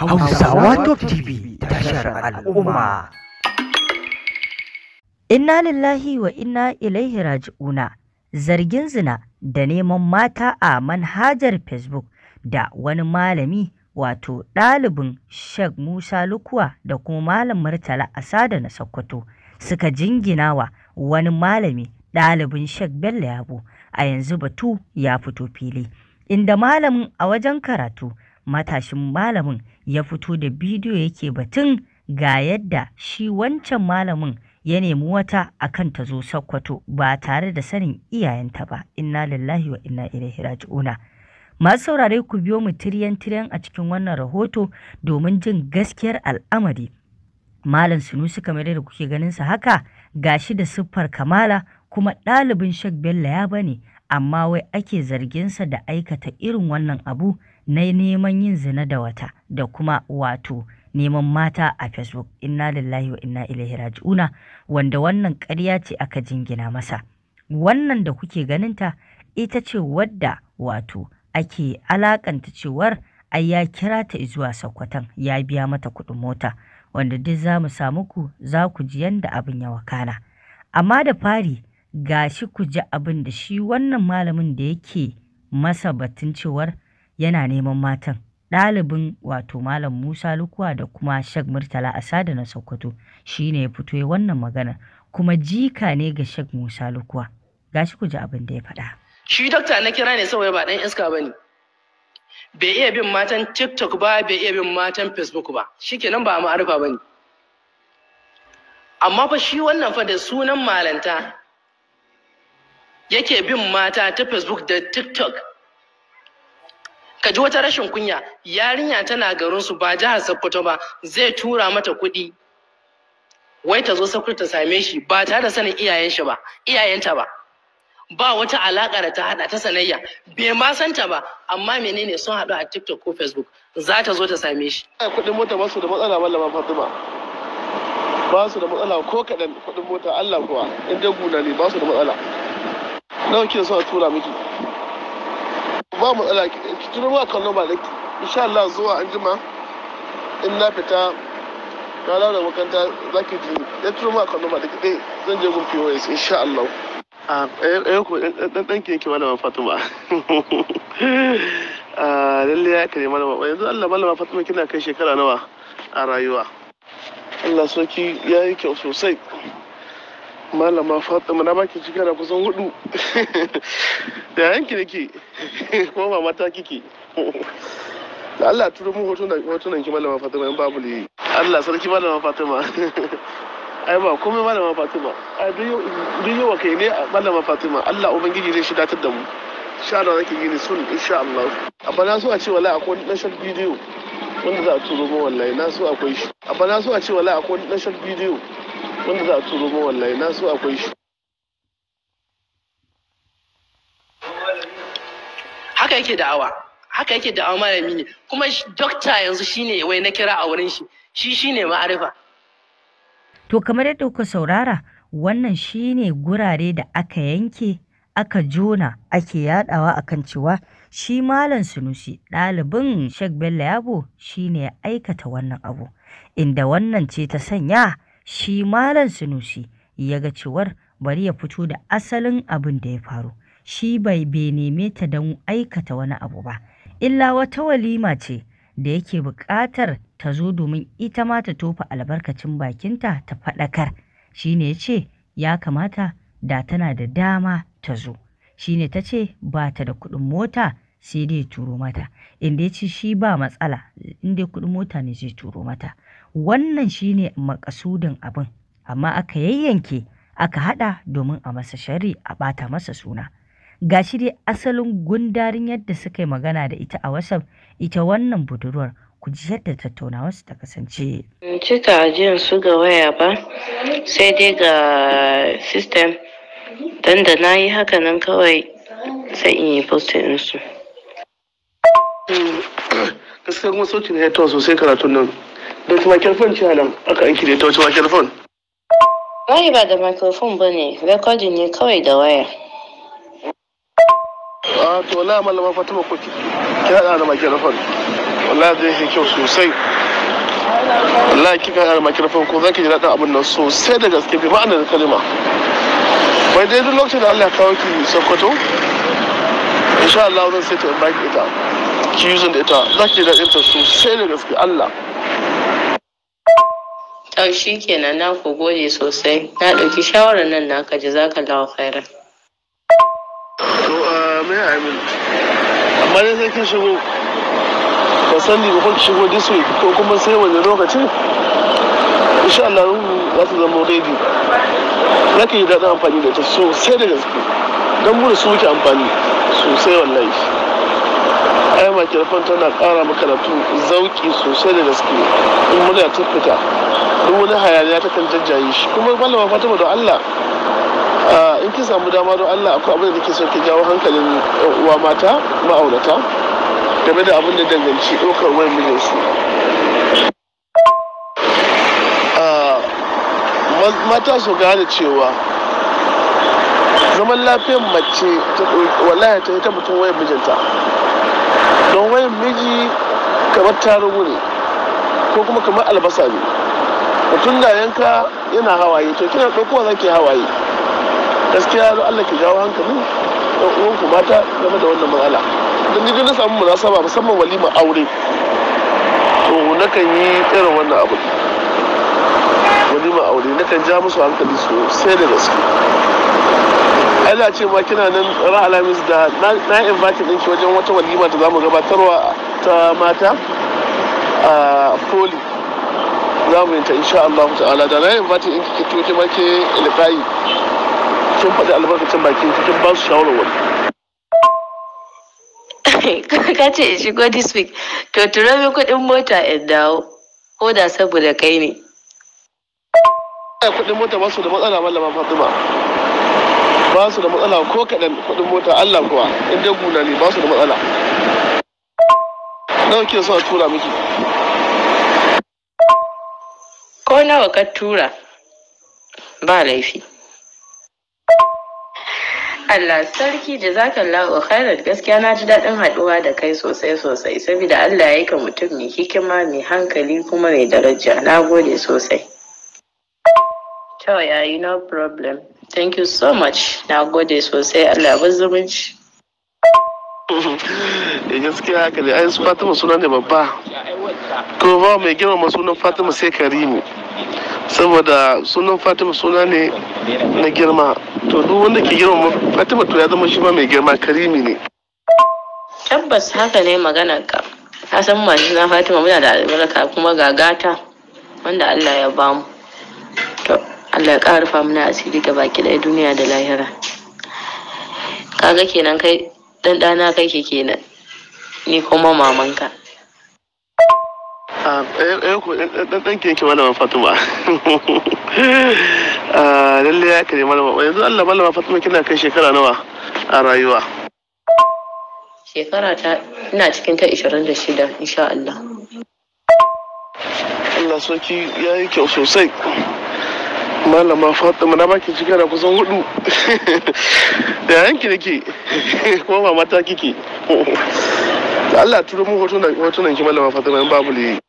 Hausawa Top TV tashar al'umma. Inna lillahi wa inna ilaihi raji'una zargin zina da neman mata a manhajar Facebook da wani malami wato ɗalibin Sheikh Musa Lukuwa da kuma Malam Murtala Asada na Sokoto suka jingina wa wani malami ɗalibin Sheikh Bello Yabo a yanzu batu ya fito fili inda malamin a wajen karatu matashin malamin ya fito da bidiyo yake batun ga yadda shi wancan malamin ya nemi wata akan ta zo Sokoto ba tare da sanin iyayenta ba inna lillahi wa inna ilaihi raji'una masu saurare ku biyo mu tiryan tiryan a cikin wannan rahoto domin jin gaskiyar al'amari malam sunusi kamar da kuke ganin sa haka gashi da siffar kamala kuma ɗalibin shek bello ya bane amma wai ake zarginsa da aikata irin wannan abu na neman yin zina da wata da kuma wato neman mata a Facebook inna lillahi wa inna ilaihi raji'una wanda wannan ƙarya ce aka jingina masa wannan da kuke ganinta ita ce wadda wato ake alakanta cewar ai ya kira ta zuwa sakwatan ya biya mata kuɗin mota wanda duk za mu samu ku za ku ji yanda abin ya wakana amma da fari gashi ku ji abin da shi wannan malamin da yake masa batun cewar yana neman matan. Ɗalibin wato Malam Musa Lukuwa da kuma Shek Murtala a sada na Sokoto shi ne ya fito wannan magana kuma jika ne ga Shek Musa Lukuwa. ga ku kuji abin da ya faɗa. Shi dokta na kira ne saboda ba ɗan iska ba ne. Bai iya bin matan TikTok ba, bai iya bin matan Facebook ba. Shi kenan ba a ma'arifa ba ne. Amma fa shi wannan fa da sunan malanta yake bin mata ta Facebook da TikTok ka ji wata rashin kunya yarinya tana garin su ba jihar Sokoto ba zai tura mata kuɗi wai ta zo Sokoto ta same shi ba ta da sanin iyayen shi ba iyayenta ba ba wata alaka da ta hada ta sanayya bai ma santa ba amma menene sun hadu a TikTok ko Facebook za ta zo ta same shi kuɗin mota ba su da matsala mallama Fatima ba su da matsala ko kaɗan kuɗin mota Allah kuwa in dai guna ne ba su da matsala nawa kina so a tura miki ba mu tsala ki tuni ma kallon ba ki insha Allah zuwa an jima in na fita ka dawo da makaranta za ki ji ya tuni ma kallon ba ki dai eh, zan je gun POS insha Allah a ah, yau eh, eh, ku ɗan ɗan ki malama Fatima a ah, lalle ya kare malama yanzu Allah malama Fatima kina kai shekara nawa a rayuwa Allah soki ya yi kyau sosai malama fatima na baki cika da kusan hudu da yanki ke kuma mama ta kike da Allah turo mu hotunan ki malama fatima in babu ne Allah sarki malama fatima ai ba komai malama fatima ai duk wa kai ne malama fatima Allah ubangiji zai shidatar da mu insha Allah nake gini sun insha Allah A na so a ce wala akwai na bidiyo wanda za a turo mu wallahi na so akwai shi A na so a ce wala akwai na bidiyo kuɗin za a turo ma wallahi na so akwai shi haka yake da'awa haka yake da'awa malami ne kuma dokta yanzu shine wai na kira a wurin shi shi shine ma'arifa to kamar yadda kuka saurara wannan shine gurare da aka yanke aka jona ake yadawa akan cewa shi malam sunusi ɗalibin shek Bello Yabo shine ya aikata wannan abu inda wannan ce ta sanya shi Malam Sunusi ya ga cewar bari ya fito da asalin abin da ya faru. Shi bai bai neme ta don aikata wani abu ba, illa wata walima ce da yake buƙatar ta zo domin ita ma ta tofa albarkacin bakinta ta faɗakar. Shi ne ya ce ya kamata da tana da dama ta zo. Shi ne ta ce ba ta da kuɗin mota sai dai turo mata, inda ya ce shi ba matsala, inda kuɗin mota ne zai turo mata. Wannan shi ne maƙasudin abin, amma aka yayyanke aka haɗa domin a masa shari a bata masa suna. Ga shi dai asalin gundarin yadda suka yi magana da ita a WhatsApp ita wannan budurwar ku ji yadda su ta kasance. cika jin su ga waya ba sai dai ga system don da na yi haka nan kawai sai in yi postin su. gaskiya kuma sautin ya sosai karatun nan da microphone ce nan aka yanki da ta wace microphone wai ba da microphone ba ne recording ne kawai da waya a to la malama fatima ko ki hada da microphone wallahi zai yi kyau sosai wallahi kika hada da microphone ko zaki ji daɗin abin nan sosai da gaske bi ma'ana da kalima bai dai duk lokacin da Allah ya kawo ki Sokoto insha Allah zan sai ta invite ita ki da ita zaki yi daɗin sosai da gaske Allah shi kenan na ku gode sosai na ɗauki shawarar nan na kaji ji za ka lawa khairan. to a mai amin amma dai sai kin shigo ka sani ba ki shigo this week ko kuma sai wani lokacin insha Allah za su zama ready na ka yi daɗin amfani da ita sosai da gaske don mu da su wuce amfani sosai wallahi ai makirfan tana ƙara maka da zauki sosai da gaske in murya ta fita in wani hayaniya ta kan jajjaye shi kuma malama fatima don allah in ki samu dama don allah akwai abin da ke so ki jawo hankalin uwa mata ma'aurata game da abin da danganci ɗaukar wani mijinsu mata su gane cewa zaman lafiyar mace ta wallahi ta yi ta mutum wayar mijinta don wayan miji kamar tarugu ne ko kuma kamar albasa ne mutum da yanka yana hawaye to kina ɗaukowa za ki hawaye gaskiya don allah ki jawo hankali ɗan uwanku mata game da wannan matsala don ni na samu munasaba musamman walima aure to kan yi irin wannan abu walima aure kan ja musu hankali sosai da gaske ai a ce ma kina nan ra alamis da na invite ɗinki wajen wata walima da zamu gabatarwa ta mata a poli za mu yi ta insha Allah ta'ala da na invite ɗinki ki tuki ma ke ilkayi kin faɗi albarkacin bakin kin ba su shawarwari ka ce in shigo this week to turo min kuɗin mota in dawo ko da saboda kai ne kuɗin mota ba su da matsala mallama fatima ba su da matsala ko kaɗan kuɗin mota Allah kuwa in dai guna ne ba su da matsala nawa kike so a tura miki ko nawa ka tura ba laifi Allah sarki da jazakallahu khairan gaskiya na ji daɗin haɗuwa da kai sosai sosai saboda Allah ya yi ka mutum mai hikima mai hankali kuma mai daraja na gode sosai ya yi no problem thank you so much na gode sosai allah ba zumunci eh, gaskiya haka ne ai su fatima suna ne babba kuma ba mai girmama sunan fatima sai karimu saboda sunan fatima suna ne na girma to duk wanda ke girmama fatima to ya zama shi ma mai girma Karimu ne tabbas haka ne magana ka san ma na fatima muna da albarka kuma ga gata wanda allah ya bamu Allah ya ƙarfa mana asiri ga baki ɗaya duniya da lahira kaga kenan kai dan ɗana kai ke kenan ni kuma mamanka ah, eh, eh, eh, ɗan ke malama fatima ah, lalle ya kare malama yanzu allah malama fatima kina kai shekara nawa a rayuwa shekara ta ina cikin ta 26 insha allah allah soki ya yi kyau sosai Allah ma fata mana baki shekara kusan hudu da yanki nake kuma ba mata kike Allah turo mu hotunan ki mallama fata in babu ne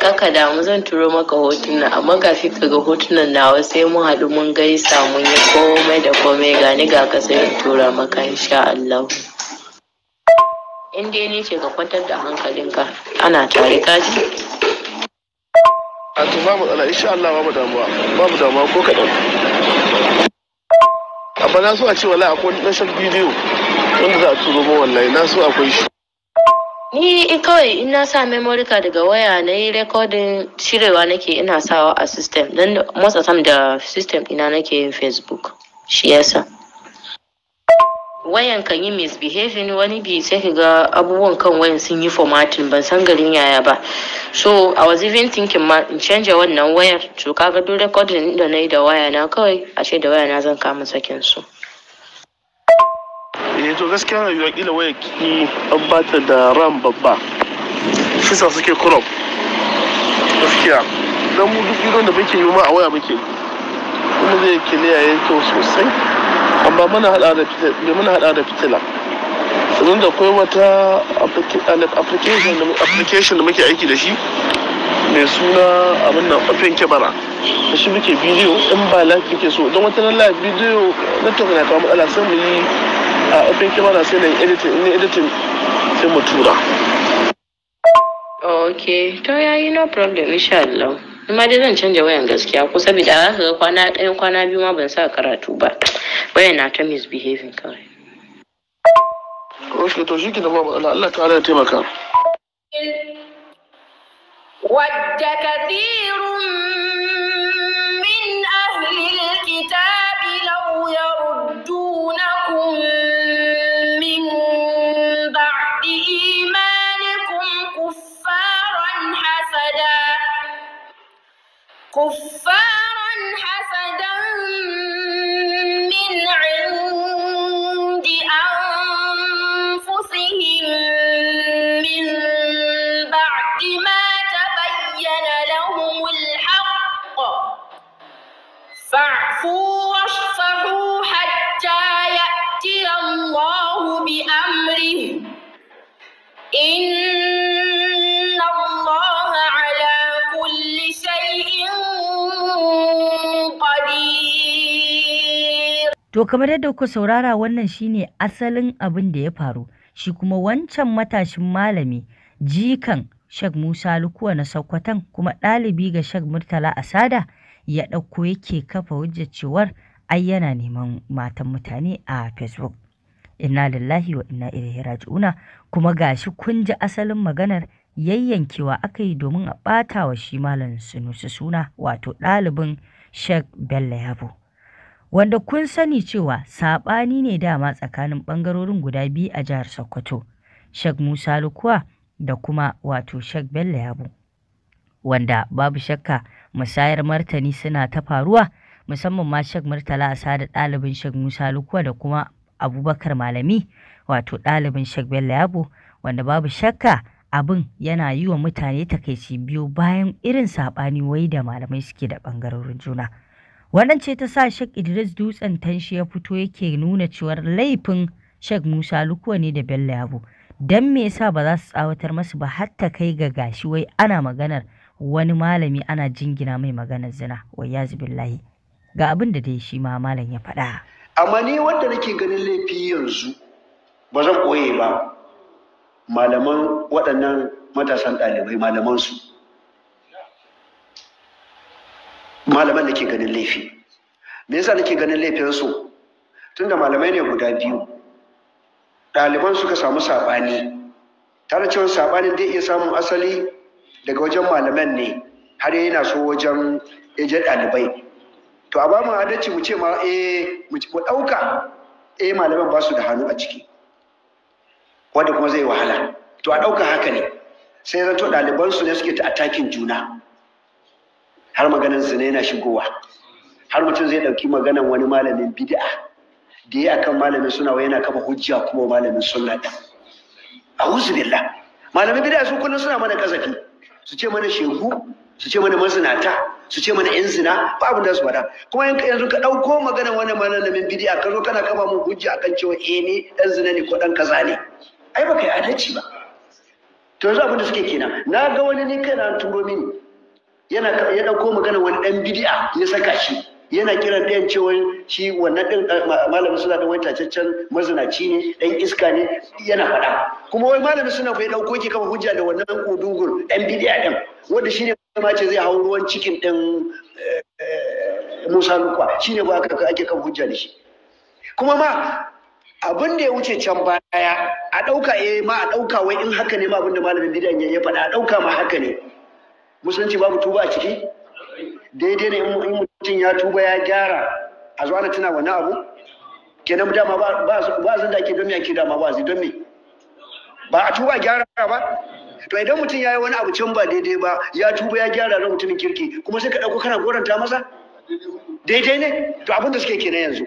kaka damu zan turo maka nan amma fi ka ga hotunan nawa sai mun haɗu mun gaisa mun yi komai da komai ni ga ka sai in tura maka insha Allah in dai ne ce ka kwantar da hankalinka ana tare kaji a to ba tsala insha Allah ba mu damuwa ba mu damuwa ko kaɗan amma na so a ce wallahi akwai wani bidiyo wanda za a turo ma wallahi na so akwai shi ni kawai ina sa memory card daga waya na yi recording shirewa nake ina sawa a system don motsa sam da system ina nake yin facebook shi yasa wayan kan yi misbehaving wani bi sai ka ga abubuwan kan wayan sun yi formatting ban san garin yaya ba so i was even thinking ma in change wannan wayar to kaga duk recording da na yi da waya na kawai ce da waya na zan kama sakin su eh to gaskiya na yiwa kila waya ki an bata da ram babba shi sa suke crop gaskiya dan mu duk gidan da muke yi ma a waya muke kuma zai kiliya yayin kyau sosai amma muna hada da fitila sannan da akwai wata application da muke aiki da shi mai suna abin nan open camera da shi muke bidiyo in ba live muke so don wata nan live bidiyo network na kawo matsala sai mu yi a open camera sai na editing in editing sai mu tura ok to yayi no problem insha Allah ma dai zan canja wayan gaskiya ko saboda haka kwana ɗaya kwana biyu ma ban sa karatu ba وين عم يز بيهيفين كاي روش كتوجي كده ما لك على تي مكان ود كثير من اهل الكتاب لو يردونكم كفارا To kamar yadda kuka saurara wannan shine asalin abin da ya faru, shi kuma wancan matashin malami jikan Sheikh Musa Lukuwa na Sokoton kuma ɗalibi ga Sheikh Murtala Asada ya ɗauko yake kafa hujjar cewar ai yana neman matan mutane a Facebook. Inna lillahi wa inna ilaihi raji'una kuma gashi kun ji asalin maganar yayyankewa aka yi domin a ɓata wa shi malam Sunusi suna wato ɗalibin Sheikh Bello Yabo. wanda kun sani cewa saɓani ne dama tsakanin ɓangarorin guda biyu a jihar Sokoto, Sheikh Musa Lukuwa da kuma wato Sheikh Bello Yabo. Wanda babu shakka musayar martani suna ta faruwa musamman ma Sheikh Murtala a da ɗalibin Sheikh Musa Lukuwa da kuma Abubakar Malami wato ɗalibin Sheikh Bello Yabo wanda babu shakka abin yana yi wa mutane takaici biyu bayan irin saɓani wai da malamai suke da ɓangarorin juna. Wannan ce ta sa Sheikh Idris Dutsen Tanshi ya fito yake nuna cewar laifin Sheikh Musa Lukuwa ne da Bello Yabo. dan me yasa ba za su tsawatar masu ba har ta kai ga gashi wai ana maganar wani malami ana jingina mai maganar zina wai ya billahi ga abin da dai shi ma malam ya faɗa. Amma ni wanda nake ganin laifi yanzu ba zan koye ba malaman waɗannan matasan ɗalibai malaman su. malaman da ke ganin laifi me yasa nake ganin laifinsu tunda malamai ne guda biyu ɗaliban suka samu saɓani tare cewa saɓanin zai iya samun asali daga wajen malaman ne har yana so wajen ejen ɗalibai to a bamu adalci mu ce ma eh mu ɗauka eh malaman ba su da hannu a ciki wanda kuma zai wahala to a ɗauka haka ne sai zanto ɗalibansu ne suke ta takin juna har maganar zina yana shigowa har mutum zai ɗauki maganar wani malamin bid'a da ya akan malamin suna yana kafa hujja kuma malamin sunna ɗin a'udhu billah malamin bid'a su kullum suna mana kazafi su ce mana shehu su ce mana mazinata su ce mana yan zina ba abin da su faɗa kuma yanka yanzu ka ɗauko maganar wani malamin bid'a ka zo kana kafa mun hujja akan cewa eh ne ɗan zina ne ko ɗan kaza ne ai baka yi adalci ba to yanzu abin da suke kenan na ga wani ne kana turo mini yana ya dauko magana wani dan bid'a ya saka shi yana kiran ɗayan cewa shi wannan ɗin eh, malamin suna da wani tacaccen mazinaci ne ɗan iska ne yana faɗa kuma wai malamin suna bai ɗauko ki kama hujja da wannan ƙudugur ɗan bid'a ɗin wanda shi ne ma ce zai hau ruwan cikin ɗin eh, eh, musa lukwa shi ne ba ake kama hujja da shi kuma ma abin da ya wuce can baya a ɗauka eh ma a ɗauka wai in haka ne ma abin da malamin bidiyan ya faɗa a ɗauka ma haka ne musulunci babu tuba a ciki daidai ne in mutum ya tuba ya gyara a zuwa na tuna wani abu kenan dama ba zan da ake don yanki dama ba zai don me ba a tuba gyara ba to idan mutum ya yi wani abu can ba daidai ba ya tuba ya gyara na mutumin kirki kuma sai ka ɗauko kana goranta masa daidai ne to abin da suke kenan yanzu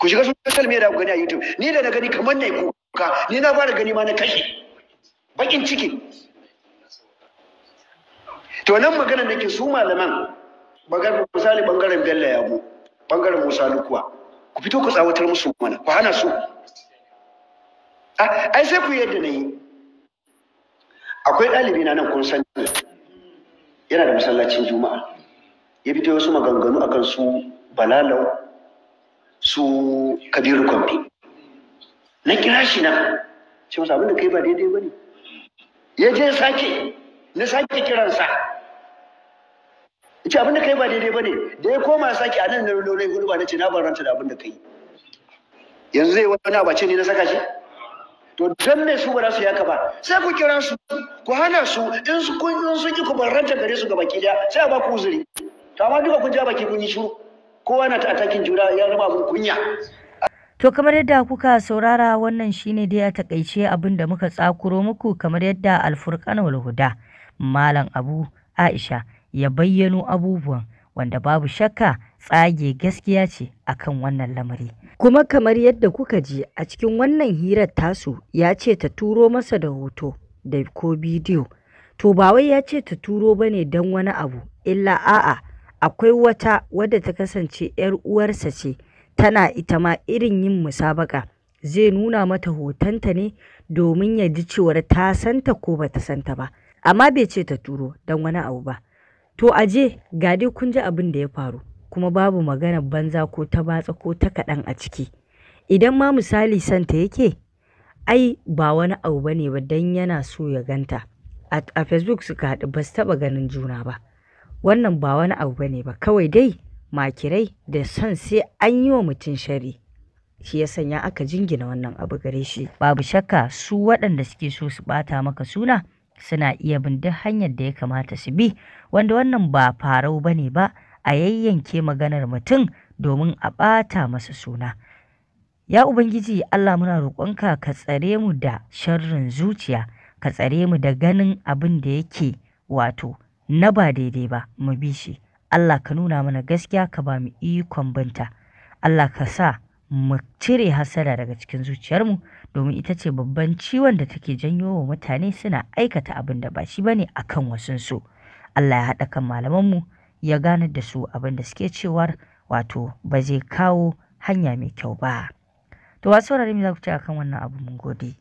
ku shiga social media ku gani a youtube ni da na gani kamar na yi kuka ni na fara gani ma na kashe bakin ciki to nan magana ke su malaman misali bangaren bello yabo bangaren musa lukuwa ku fito ku tsawatar musu mana ku hana su ah, ai sai ku yadda na yi akwai ɗalibi na nan kun sani yana da masallacin juma'a ya fito wasu maganganu akan su balalau su kabiru kwamfi na kira shi nan ce abin da kai ba daidai ba ne ya je sake na sake kiransa ce abin da kai ba daidai ba ne da ya koma saki a nan na gudu ba na ce na baranta da abin da kai yanzu zai wani ce ne na saka shi to dan me su ba za su yaka ba sai ku kira su ku hana su in su kun in su ki ku ranta gare su baki daya sai a ba ku uzuri to amma duka kun ja baki kun yi shiru kowa na ta atakin juna ya zama abin kunya To kamar yadda kuka saurara wannan shine dai a takaice abin da muka tsakuro muku kamar yadda alfurkan walhuda Malam Abu Aisha ya bayyano abubuwan wanda babu shakka tsage gaskiya ce akan wannan lamari. Kuma kamar yadda kuka ji a cikin wannan hirar tasu ya ce ta turo masa da hoto da ko bidiyo. To ba wai ya ce ta turo ba ne don wani abu, illa a'a akwai wata wadda ta kasance 'yar uwarsa ce tana ita ma irin yin musabaka. Zai nuna mata hotonta ne domin ya ji cewar ta santa ko ba ta santa ba, amma bai ce ta turo don wani abu ba. To aje ga dai kun ji abin da ya faru kuma babu magana banza ko ta batsa ko ta kaɗan a ciki. Idan ma misali santa yake ai ba wani abu ba ne ba don yana so ya ganta. A Facebook suka haɗu ba su taɓa ganin juna ba. Wannan ba wani abu ba ba kawai dai makirai da son sai an yi wa mutum shari. Shi ya sanya aka jingina wannan abu gare shi. Babu shakka su waɗanda suke so su ɓata maka suna suna iya bin duk hanyar da ya kamata su bi wanda wannan ba farau ba ne ba a yayyanke maganar mutum domin a ɓata masa suna ya ubangiji allah muna roƙonka ka tsare mu da sharrin zuciya ka tsare mu da ganin abin da yake wato na ba daidai ba mu bi shi allah ka nuna mana gaskiya ka ba mu ikon binta allah ka sa mu cire hasara daga cikin zuciyarmu domin ita ce babban ciwon da take janyo wa mutane suna aikata abin da ba shi ba ne a kan su Allah ya haɗa kan malamanmu ya gane da su abin da suke cewar wato ba zai kawo hanya mai kyau ba. To wasu wurare me za ku ce a kan wannan abu mun gode.